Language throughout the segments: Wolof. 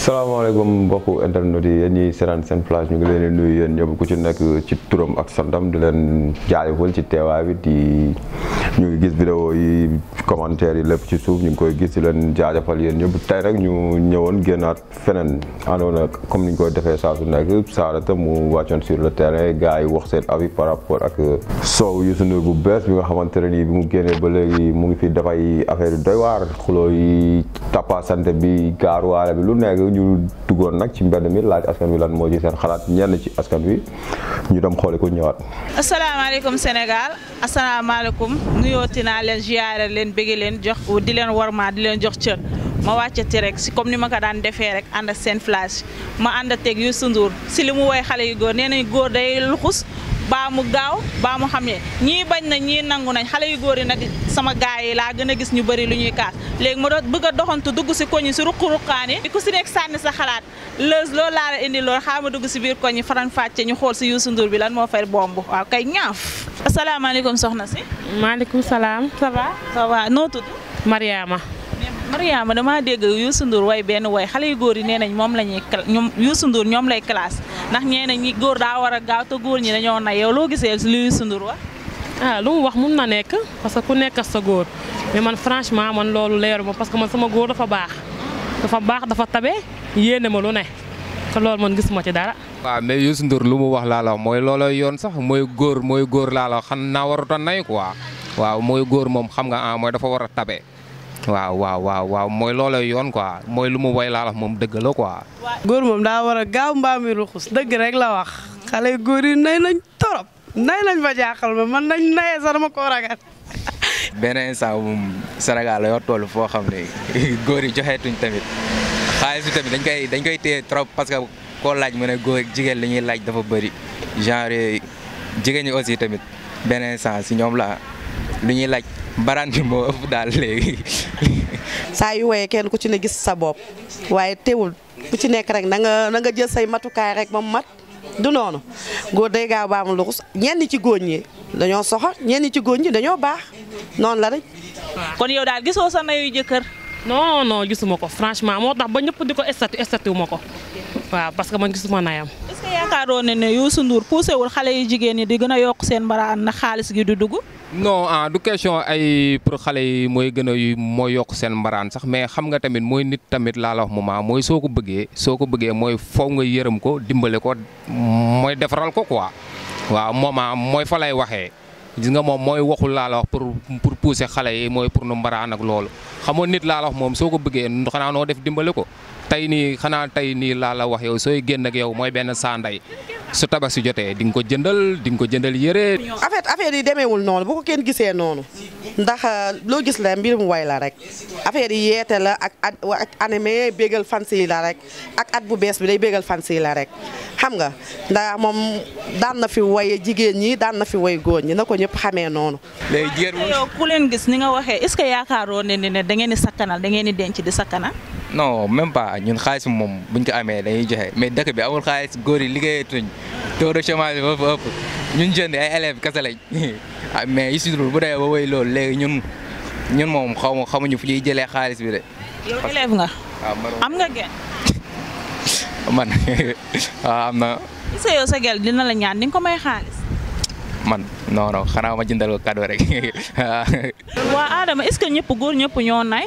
salaamaaleykum mbokku internet yi yéen ñiy seetaan seen plage ñu ngi leen nuyu yéen ñëpp ku ci nekk ci turam ak santam di leen jaajëfal ci teewaay bi di ñu ngi gis vidéo yi commentaire yi lépp ci suuf ñu ngi koy gis di leen jaajafal yéen ñëpp tey rek ñu ñëwoon génnaat feneen àndoon ak comme ni ñu koy defee saa su nekk Sarata mu wàccoon sur le terrain gars yi wax seen avis par rapport ak soow Youssou Ndour bu bees bi nga xamante ne nii bi mu génnee ba léegi mu ngi fi dafay affaire yu doy waar yi tapasante bi gaaruwaale bi lu nekk ñu duggoon nag ci mbedd mi laaj askan wi lan moo ci seen xalaat ñenn ci askan wi ñu dem xoole ko ñëwaat. asalaamaaleykum Sénégal asalaamaaleykum nuyooti naa leen ziyaare leen bëgg leen jox di leen warmaa di leen jox cër. ma wàccati rek si comme ni ma ko daan defee rek ànd a seen flash ma ànd ak teg Youssou Ndour si li mu woy xale yu góor nee nañ góor day luxus baa mu gaaw baa mu xamee ñii bañ na ñii nangu nañ xale yu góor yi nag sama gaay yi laa gën a gis ñu bëri lu ñuy kaa léegi ma doon bëgg a doxantu dugg si koñi si ruq-ruqaan yi ku si nekk sànni sa xalaat lëz loolu laa la indi lool xaama dugg si biir koñi faran fàcce ñu xool si Youssou Ndour bi lan moo fay bomb waaw kay ñaaf asalaamaaleykum soxna si maaleykum salaam ça va ça va noo tudd Mariama Mariama damaa dégg Youssou Ndour way benn way xale yu góor yi nee nañ moom la ñuy ñoom Youssou ñoom lay classe ndax ñee na ñi góor daa war a gaaw te góor ñi dañoo na yow loo gisee li Youssou Ndour wax ah, lu mu wax mun na nekk parce que ku nekk sa góor mais man franchement man loolu leeru ma parce que man sama góor dafa baax dafa baax dafa tabe yéene ma lu ne te loolu man gisuma ci dara. waaw mais Youssou Ndour lu mu wax laalo mooy looloo yoon sax mooy góor mooy góor laa la xam naa warut a nay quoi waaw mooy góor moom xam nga ah mooy dafa war a tabe waaw waaw waaw waaw mooy looloo yoon quoi mooy lu mu way laalax moom dëgg la quoi. góor moom daa war a gaaw mbaam mi ruxus dëgg rek la wax xale góor yi nay nañ torop nay nañ ba jaaxal ma man nañ nayee sax dama koo ragal. beneen saa moom Sénégal yoo toll foo xam ne góor yi joxeetuñ tamit xaalis bi tamit dañ koy dañ koy téye trop parce que koo laaj mu ne góor jigéen li ñuy laaj dafa bëri genre jigéen ñi aussi tamit beneen saa si ñoom la lu ñuy laaj baraan bi moo ëpp daal léegi. saa yu woyee kenn ku ci ne gis sa bopp waaye teewul ku ci nekk rek na nga na nga jël say matukaay rek ba mu mat du noonu góor day gaa gaaw baamu luxus ñenn ci góor ñi dañoo soxor ñenn ci góor ñi dañoo baax noonu la rek. kon yow daal gisoo sa nayu jëkkër. non non gisuma ko franchement moo tax ba ñëpp di ko estatu estatu ma ko waaw parce que man gisuma nayam. yaakaaroon ne ne Youssou Ndour poussé wul xale yi jigéen ñi di gën a yokk seen mbaraan na xaalis gi du dugg. non ah du question ay pour xale yi mooy gën a mooy yokk seen mbaraan sax mais xam nga tamit mooy nit tamit laa wax moment mooy soo ko bëggee soo ko bëggee mooy foog nga yërëm ko dimbale ko mooy defaral ko quoi waaw moment ah, mooy fa lay waxee. gis nga moom mooy waxul laa wax pour pour pousser xale yi mooy pour nu mbaraan ak loolu xamoon nit laa la wax moom soo ko bëggee xanaa noo def dimbale ko tey nii xanaa tey nii laa la wax yow sooy génn ak yow mooy benn saa ndey su tabaski jotee di nga ko jëndal di nga ko jëndal yére. en fait affaire yi demeewul noonu boo ko kenn gisee noonu ndax euh, loo gis la mbirum way la rek affaire yi yeete la ak at ak animé bégal fans yi la rek ak at bu bees bi day bégal fans yi la rek xam nga ndax moom daan na fi waye jigéen ñi daan na fi way góor ñi na ko ñëpp xamee noonu. léegi jigéen yow ku leen gis ni nga waxee est ce que yaakaaroon ne ne da ngeen sakkanal da ngeen di denc di sakkanal. non même pas ñun xaalis moom buñ ko amee dañuy joxe mais dëkk bi amul xaalis góor yi liggéeyatuñ taux de chômage bi ëpp ëpp ñun jeunes ay élèves kese lañ ah, mais Youssou Ndour bu dee ba wéy loolu léegi ñun ñun moom xaw ma xamuñu fu ñuy jëlee xaalis bi de. yow élève nga. Ah, am nga gel. man waaw ah, na. yow sa gel dina la ñaan di ko may xaalis. man non xanaa ma jëndal ko cadeau rek. waa Adama est que ñëpp góor ñëpp ñoo nay.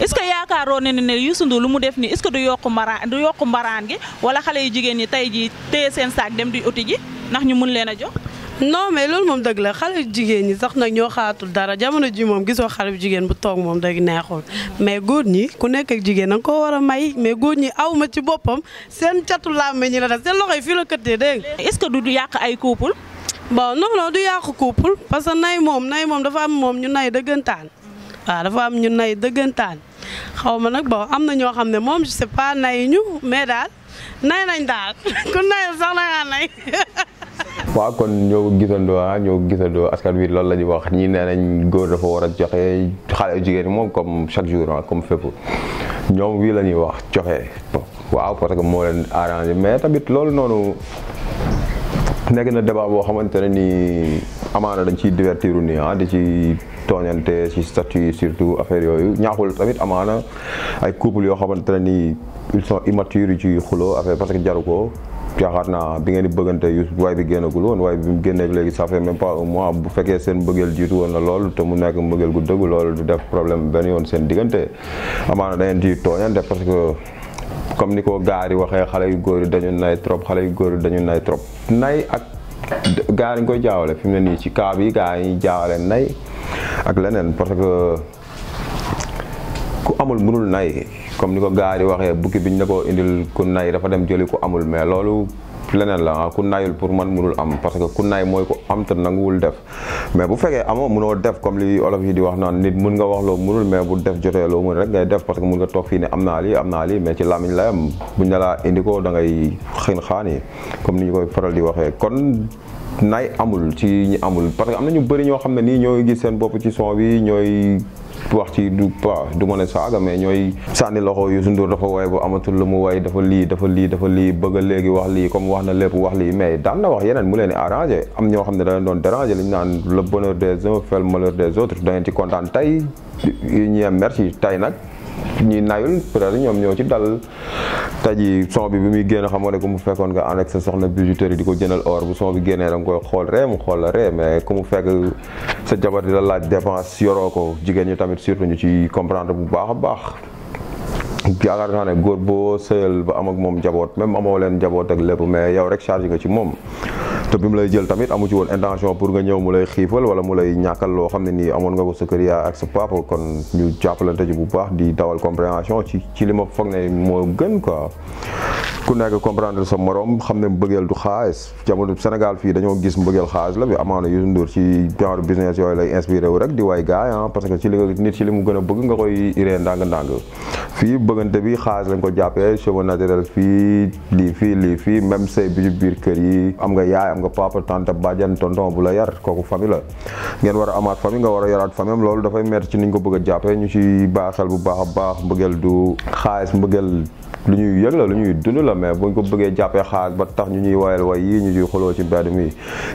est-ce que yaakaaroon ne ne Youssou lu mu def nii est-ce que du yokku mbaraan du yokku mbaraan gi wala xale yu jigéen ñi tey jii téye seen saak dem di uti ji ndax ñu mun leen a jox. no mais loolu moom dëgg la xale jigéen ñi sax nag ñoo xaatul dara jamono ji moom gisoo xale bu jigéen bu toog moom dëgg neexul mais góor ñi ku nekk ak jigéen danga ko war a may mais góor ñi aw ma ci boppam seen catu làmb ñi la def seen loxo yi fii la këttee dégg est-ce que du yàq ay couple. bon non non du yàq couple parce que nay moom nay moom dafa am moom ñu nay dëggantaan. waaw dafa am ñu nay dëggantaan xaw ma nag momji am na ñoo xam ne moom je sais pas nay ñu mais daal nay nañ daal ku nayul sax na ngaa nay waaw kon ñoo gisandoo ah ñoo gisandoo askan wi loolu la ñuy wax ñii nee nañ góor dafa war a joxe xale jigéen moom comme chaque jour ah, comme fépp ñoom wii la wax joxe waaw parce que moo leen arrangé mais tamit na débat bo xamante ne nii dañ ciy ah, di ci tooñante ci statut surtout affaire yooyu ñaaxul tamit amaana ay couple yoo xamante ne nii ils sont immatures yu ci xuloo affaire parce que jaru ko yaakaar naa bi ngeen di bëggante yu waay bi génnagul woon waaye bi mu génneeg léegi ça fait même mois bu fekkee seen mbëggeel jiitu woon na loolu te mu nekk mbëggeel gu dëgg loolu du def problème benn yoon seen diggante amaana da ngeen ci tooñante parce que comme ni ko gaar yi waxee xale yu góor yi dañu nay trop xale yu góor yi dañu nay trop nay ak gaar yi koy jaawale fi mu ne nii ci kaa bi gaar yi jaawale nay ak leneen parce que ku amul mënul nay comme ni ko gaa yi waxee bukki ñu ne koo indil ku nay dafa dem jëli ku amul mais loolu leneen la ku nayul pour man mënul am parce que ku nay mooy ku am ta nanguwul def mais bu fekkee amoo mënoo def comme li olof yi di wax naan nit mun nga wax loo mënul mais bu def jotee loo mën rek ngay def parce que mun nga toog fii ne am naa lii am naa lii mais ci làmmiñ la am buñ ne laa indi ko da xin xaan yi comme ni koy faral di waxee nay amul ci ñi amul parce que am na ñu bëri ñoo xam ne nii ñooy gis seen bopp ci son bi ñooy wax ci du pas du ma ne saaga mais ñooy sànni loxo Youssou Ndour dafa woy ba amatul lu mu woy dafa lii dafa lii dafa lii bëgg a léegi wax lii comme wax na lépp wax lii mais daan na wax yeneen mu leen arrangé am ñoo xam ne da leen doon dérangé li ñu naan le bonheur des uns fait le malheur des autres da ci kontaan tey ñu merci tey nag. ñi nayul peut-être ñoom ñëw ci dal tey jii son bi bi muy génn xam nga ne ku mu fekkoon nga ànd sa soxna bijouterie di ko jëndal or bu son bi génnee da nga koy xool ree mu xool la ree mais ku mu fekk sa jabar di la laaj dépense yoroo ko jigéen ñi tamit surtout ñu ci comprendre bu baax a baax yaakaar naa ne góor boo sëyal ba am ak moom njaboot même amoo leen jaboot ak lépp mais yow rek chargé nga ci moom te bi mu lay jël tamit amu ci woon intention pour nga ñëw mu lay xiifal wala mu lay ñàkkal loo xam ne nii amoon nga ko sa kër yaa ak sa papa kon ñu jàppalante ci bu baax di dawal compréhension ci ci li ma foog ne moo gën quoi ku nekk comprendre sa morom xam ne du xaalis jamono Sénégal fii dañoo gis mbëggeel xaalis la bi amaana Youssou Ndour ci genre business yooyu lay inspiré wu rek di waay gaay ah parce que ci li nga nit ci li mu gën a bëgg nga koy li, ndàng-ndàng fii bëggante bi Amga lañ ko jàppee cheveux naturel fii lii fii lii fii même sëy bi ci kër yi am nga yaay am nga papa tante bàjjan tonton bu la yar kooku famille ngeen war amat famille nga war a yaraat famille am loolu dafay ci niñ ko bëgg ñu ci baaxal bu baax baax mbëggeel du xaalis mbëggeel lu ñuy yëg la lu ñuy dund la mais buñ ko bëggee jàppee xaar ba tax ñu ñuy woyal way yi ñu ñuy xuloo ci mbedd mi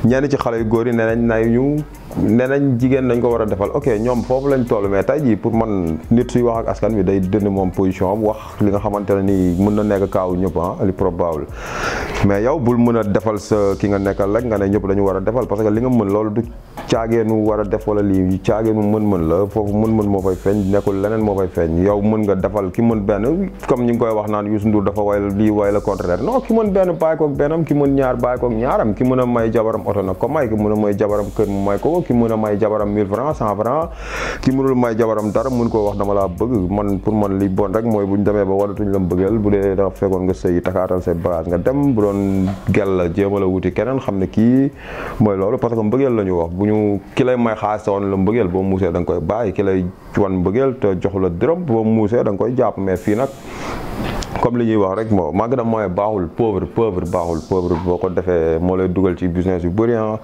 ñenn ci xale yu góor yi nee nañ nay ñu nee nañ jigéen nañ ko war a defal ok ñoom foofu lañ toll mais tey jii pour man nit suy wax ak askan wi day dënd moom position am wax li nga xamante ne nii mën na nekk kaaw ñëpp ah li probable mais yow bul mën a defal sa ki nga nekkal rek nga ne ñëpp dañu war a defal parce que li nga mën loolu du caageenu war a def wala lii caageenu mën-mën la foofu mën-mën moo fay feeñ nekkul leneen moo fay feeñ yow mën nga defal ki mën benn comme ñu ngi koy wax naan Youssou Ndour dafa way lii way la contraire non ki mën benn bàyyi koog bennam ki mën ñaar bàyyi koog ñaaram ki mën a may jabaram oto nag ko may ki mën a may jabaram kër mu may ko ki mën a may jabaram 1000 francs 100 francs ki mënul may jabaram dara mën koo wax dama laa bëgg man pour man li bon noonu ki lay may xaalis te wan la mbëggeel boo muusee da nga koy bàyyi ki lay wan mbëggeel te joxu la dërëm boo muusee da nga koy jàpp mais fii nag comme li ñuy wax rek moo manque de moyen baaxul pauvre pauvre baaxul pauvre boo ko defee moo lay dugal ci business yu bëri ah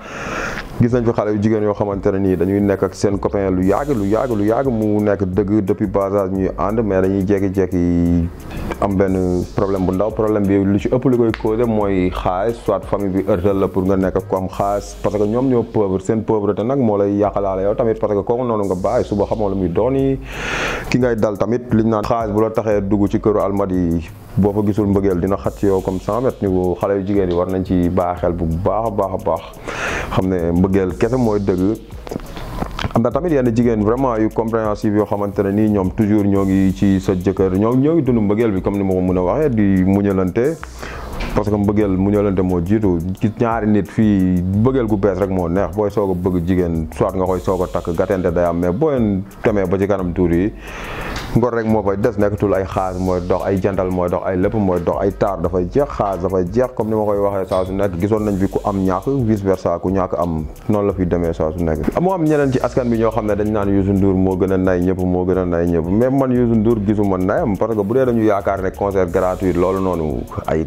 gis nañ fi xale yu jigéen yoo xamante ne nii dañuy nekk ak seen copain lu yàgg lu yàgg lu yàgg mu nekk dëgg depuis bas âge ñuy ànd mais dañuy jékki-jékki am benn problème bu ndaw problème bi lu ci ëpp li koy causé mooy xaalis soit famille bi ërtal la pour nga nekk ko am xaalis parce que ñoom ñoo pauvre seen pauvreté nag moo lay yàqalaale yow tamit parce que kooku noonu nga bàyyi suba xamoo lu muy doon yi ki ngay dal tamit liñ naan xaalis bu la taxee dugg ci këru almadi yi boo fa gisul mbëggeel dina xat ci yow comme cent mètres niveau xale yu jigéen yi war nañ ci baaxel bu baax a baax a baax xam ne mbëggeel kese mooy dëgg am na tamit yenn jigéen vraiment yu compréhensive yoo xamante ne nii ñoom toujours ñoo ci sa jëkkër ñoo ñoo ngi dund mbëggeel bi comme ni eh, di muñalante parce que mbëggeel mu ñëwante moo jiitu ci ñaari nit fii mbëggeel gu bees rek moo neex booy soog a bëgg jigéen soit nga koy soog a takk gàttante day am mais boo leen demee ba ci kanam tuur yi ngor rek moo fay des nekkatul ay xaas mooy dox ay jantal mooy dox ay lépp mooy dox ay taar dafay jeex xaas dafay jeex comme ni ma koy waxee saa su nekk gisoon nañ fi ku am ñàkk vice versa ku ñàkk am noonu la fi demee saa su nekk moo am ñeneen ci askan bi ñoo xam ne dañ naan Youssou Ndour moo a nay ñëpp a nay ñëpp mais man Youssou Ndour gisuma nayam que bu dee dañu yaakaar ne concert gratuit loolu noonu ay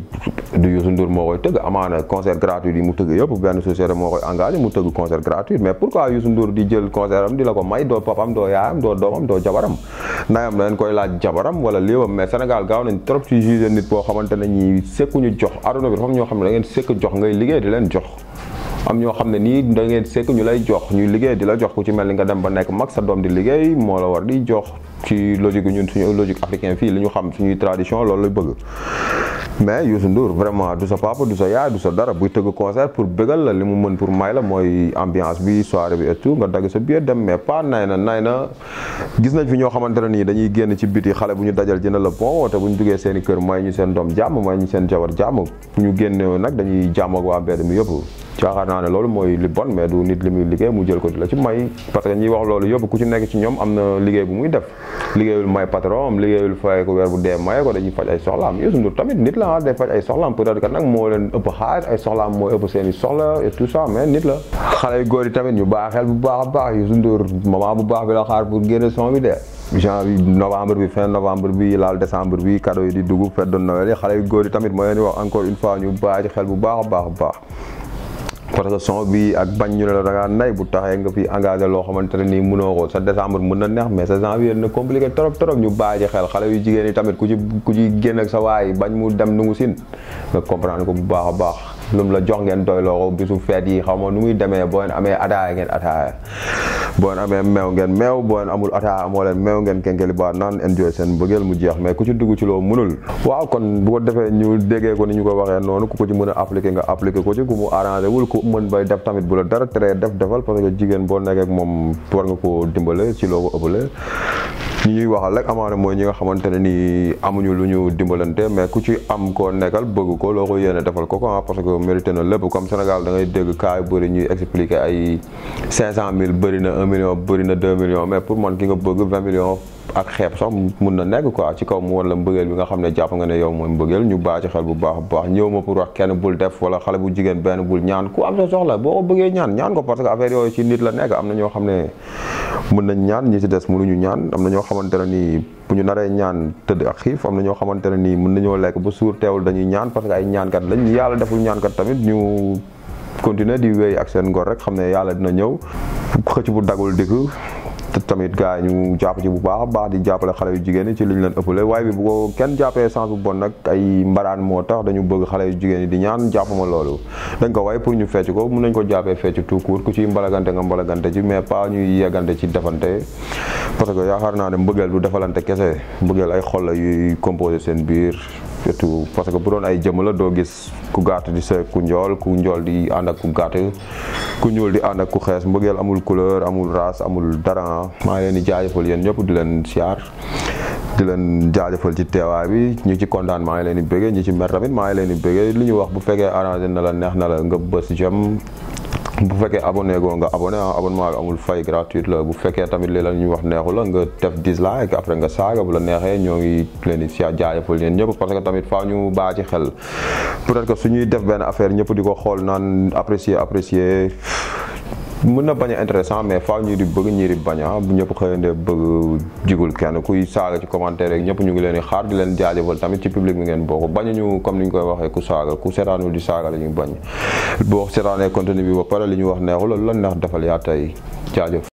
du Youssou Ndour moo koy tëgg amaana concert gratuit yi mu tëgg yëpp benn société moo koy engagé mu tëgg concert gratuit mais pourquoi Youssou Ndour di jël concert am di la ko may doo papam doo yaayam doo doomam doo jabaram ndayam da koy laaj jabaram wala léebam mais Sénégal gaaw nañ trop ci jugé nit boo xamante ne ñii sekkuñu jox aduna bi dafa ñoo xam ne da ngeen sekk jox ngay liggéey di leen jox am ñoo xam ne nii da ngeen sekk ñu lay jox ñuy liggéey di la jox ku ci mel ni nga dem ba nekk mag sa doom di liggéey moo la war di jox ci logique ñun suñu logique africain fii li ñu xam suñuy tradition loolu lay bëgg mais Youssou Ndour vraiment du sa papa du sa ya du sa dara buy tëgg concert pour bégal la limu mu mën pour may la mooy ambiance bi soirée bi ya, et tout nga dagg sa biir dem mais pas nay na nay na gis nañ fi ñoo xamante ne nii dañuy génn ci biti xale bu ñu dajal dina la bon te bu ñu duggee seen kër may ñu seen doom jàmm may ñu seen jabar jàmm ñu génn nag dañuy jàmm ak waa mbedd mi yëpp ya, caaxaar na lolu moy mooy li bon mais du nit li muy mu jël ko di la ci may parce que ñuy wax loolu yëpp ya, ku ci nekk ci ñoom am na bu muy def liggéeyul may patron am liggéeyul fay ko weer bu dee maye ko dañuy faj ay soxla yusundur Youssou Ndour tamit nit la ah day faj ay soxlaam peut être kat nag moo leen ëpp xaalis ay soxlaam moo ëpp seen i soxla et tout nit la. xale yu yi tamit ñu baax xel bu baax a baax Youssou Ndour moment bu baax bi la bu pour génne son bi de. janvier novembre bi fin novembre bi laal décembre bi cadeau yi di dugub fête de Noël yi xale tamit moo leen wax encore une fois ñu baax ci bu baax a baax a baax. cotisation bi ak bañ ñu ne la da nay bu taxee nga fi engagé loo xamante ne nii mënoo ko sa décembre mën na neex mais sa janvier na compliqué trop trop ñu bàyyi xel xale yu jigéen yi tamit ku ci ku ci génn ak sa waay bañ mu dem nu ngu sin nga comprendre ko bu baax a baax lu la jox ngeen doyloo ko bisu feet yi xaw ma nu muy demee boo leen amee ataaya ngeen ataaya boo leen amee meew ngeen meew boo leen amul ataaya amoo leen meew ngeen kenkeli ba naan enjoy seen bëggeel mu jeex mais ku ci dugg ci loo mënul waaw kon bu defee ñu déggee ko ni ñu ko waxee noonu ku ko ci mën a appliquer nga appliquer ko ci ku mu arrangé wul ku mën bay def tamit bu la dara teree def defal parce que jigéen boo nekkee moom war nga koo dimbale ci loo ko ëppale ñi ñuy waxal rek amaana mooy ñi nga xamante ne nii amuñu lu ñu dimbalante mais ku ci am koo nekkal bëgg ko loo ko yéene defal ko ko ah parce que mérité na lépp comme Sénégal da ngay dégg cas yu bëri ñuy expliquer ay 500000 bëri na 1 million bëri na 2 million mais pour man ki nga bëgg 20 millions. ak xeeb sax mun na nekk quoi ci kaw mu woon la mbëggeel bi nga xam ne jàpp nga ne yow mooy mbëggeel ñu bàyyi ci xel bu baax bu baax ñëw ma pour wax kenn bul def wala xale bu jigéen benn bul ñaan ku am sa soxla boo ko bëggee ñaan ñaan ko parce que affaire yooyu ci nit la nekk am na ñoo xam ne mën nañ ñaan ñi si des ñu ñaan am na ñoo xamante ne nii bu ñu naree ñaan tëdd ak xiif am na ñoo xamante ne nii mën nañoo lekk ba suur teewul dañuy ñaan parce que ay ñaankat yàlla deful ñaankat ñu continuer di wéy ak seen ngor rek xam ne yàlla dina ñëw xëcc bu dagul te tamit gars ñu jàpp ci bu baax baax di jàppale xale yu jigéen yi ci li ñu leen ëppale waaye bi bu ko kenn jàppee sens bu bon nag ay mbaraan moo tax dañu bëgg xale yu jigéen yi di ñaan jàpp ma loolu dañ ko waaye pour ñu fecc ko mun nañ ko jàppee fecc tout court ku ciy mbalagante nga mbalagante ci mais pas ñuy yeggante ci defante parce que yaakaar naa ne mbëggeel du defalante kese mbëggeel ay xol la yuy composé seen biir surtout parce que bu doon ay jëmm la doo gis ku gàtt di sëy ku njool ku njool di ànd ak ku gàtt ku njool di ànd ak ku xees mbëggeel amul couleur amul race amul dara maa ngi leen di jaajëfal yéen ñëpp di leen siyaar di leen jaajëfal ci teewaay bi ñu ci kontaan maa ngi leen di bëggee ñu ci mer tamit maa ngi leen di bëggee li ñu wax bu fekkee arrangé na la neex na la nga bës jëm bu fekkee abonné goo nga abonné ah abonnement bi amul fay gratuite la bu fekkee tamit lii la ñu wax neexu la nga def dislike après nga saaga bu la neexee ñoo ngi leen di si jaajëfal leen ñëpp parce que tamit faa ñu baa ci xel peut-être que su ñuy def benn affaire ñëpp di ko xool naan apprécier apprécier mën na bañ a intéressant mais faaw ñii di bëgg ñii di bañ bu ñëpp xëyandee bëgg jigul kenn kuy saaga ci commentaire rek ñëpp ñu ngi leen di xaar di leen jaajëfal tamit ci public bi ngeen bokk bañuñu comme ni ñu koy waxee ku saaga ku seetaanul di saaga la ñu bañ boo seetaanee contenu bi pare li ñu wax neexul loolu la neex defal yaa tey jaajëf